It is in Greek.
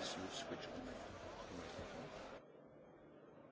Jesús.